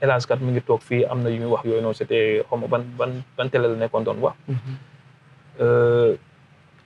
élage kat mi ngi toog fii am na yu muy wax yooyu noonu c'était xaw ma ban ban ban télé nekkoon doon wax. Euh,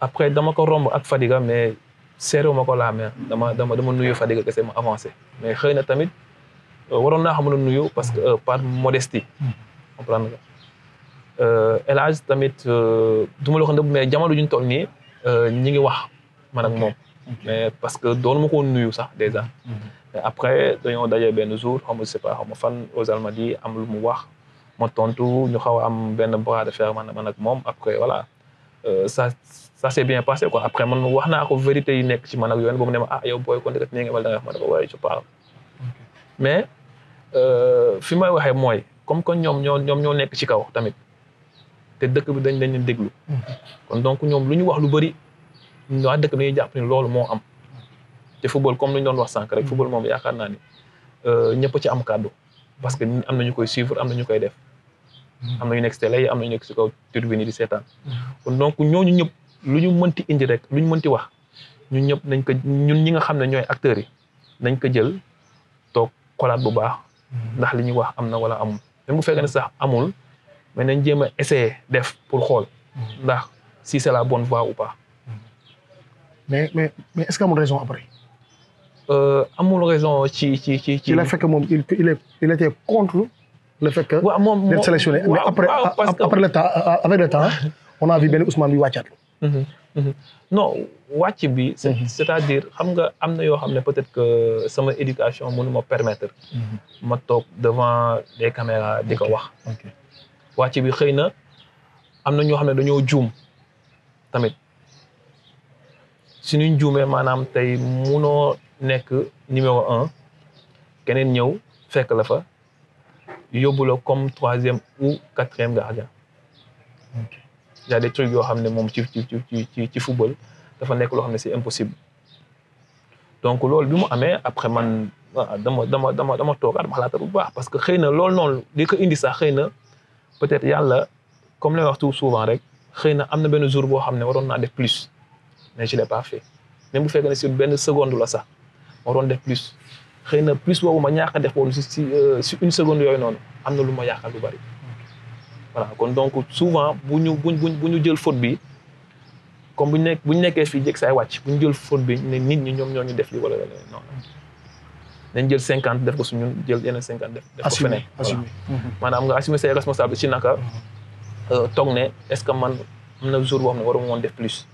après dama ko romb ak Fadiga mais seerewu ma ko laa dama dama dama nuyu Fadiga kese ma avancé mais xëy na tamit euh, waroon naa xamul nuyu parce que euh, par modestie. comprendre nga Elaj tamit du ma la ko mais jamono ju tol toll nii ñi ngi wax man moom. mais parce que doonu ma ko nuyu sax déjà. Mm-hmm. après dañoo daje benn jour xaw ma je sais pas xaw ma fan aux Almadies am lu mu wax ma tontu ñu xaw a am benn bras de fer man man ak moom après voilà euh, ça ça s'est bien passé quoi après man wax naa ko vérité yi nekk ci man ak yoon ba mu ne ma ah yow booy kon dëgg nii nga mel da nga wax ma dafa waaye ci parle mais euh, fi may waxee mooy comme que ñoom ñoo ñoom ñoo nekk ci kaw tamit te dëkk bi dañ dañ leen déglu mm-hmm. kon donc ñoom lu ñu wax lu bëri waa dëkk bi dañuy jàpp ni loolu moo am te football comme luñ doon wax sank rek hmm. football mom yaakaar naa ni euh ñëpp ci am kàddu parce que am nañu koy suivre am nañu koy def. Hmm. am nañu ñu nekk télé am nañu ñu nekk si kaw turbine di seetaan. Hmm. kon donc ñooñu ñëpp lu ñu mënti indi rek lu ñu mënti wax ñun ñëpp nañ ko ñun ñi nga xam ne ñooy acteurs yi nañ ko jël toog xolaat bu baax. ndax li ñuy wax am na wala amul même bu fekkee ne sax amul mais nañ jéem a essayer def pour xool. ndax si c'est la bonne voie ou pas. mais mais mais est-ce que amul raison après. Euh, amul raison ci ci ci ci. le fait que moom il il était contre le fait que. waaw moom sélectionné mais après après le temps euh, avec le temps on a vu benn Ousmane bi wàccaat. Mhm, mhm. non wàcc bi. Mhm. c'est-à-dire xam nga amna yo xamné peut-être que sama éducation mënu ma permettre. ma tok devant des caméras diko ko wax. wàcc bi xeyna amna am na ñoo xam dañoo tamit. suñu juumee maanaam tey munoo nekk numéro un keneen ñëw fekk la fa yóbbu comme troisième ou quatrième gardien. y a des yoo xam ne moom ci ci ci ci ci football dafa nekk loo xam ne c'est impossible. donc loolu bi mu amee après man ah, dama dama dama dama toogaat ma xalaat bu baax parce que xëy na loolu noonu li ko indi sax xëy na peut-être yàlla comme lay waxtu tout souvent rek xëy na am na benn jour boo xam ne waroon naa def plus. mais je même bu fekkee ne si benn seconde la sax ma def plus xëy na plus boobu ma ñàkk a def woon si euh, si une seconde yooyu noonu am na lu ma yàqal lu bari. voilà kon donc souvent bu ñu bu ñu bu ñu jël faute bi comme bu ñu bu ñu nekkee fi jëkk saay wàcc bu ñu jël faute bi ne nit ñi ñoom ñoo ñu def li wala leneen non dañ jël cinquante def ko su ñun jël yeneen cinquante def. def ko feneen assumé mhm. maanaam nga assumer say responsabilités si naka. Mhm. Euh, toog ne est-ce que man am na jour boo xam ne waruma woon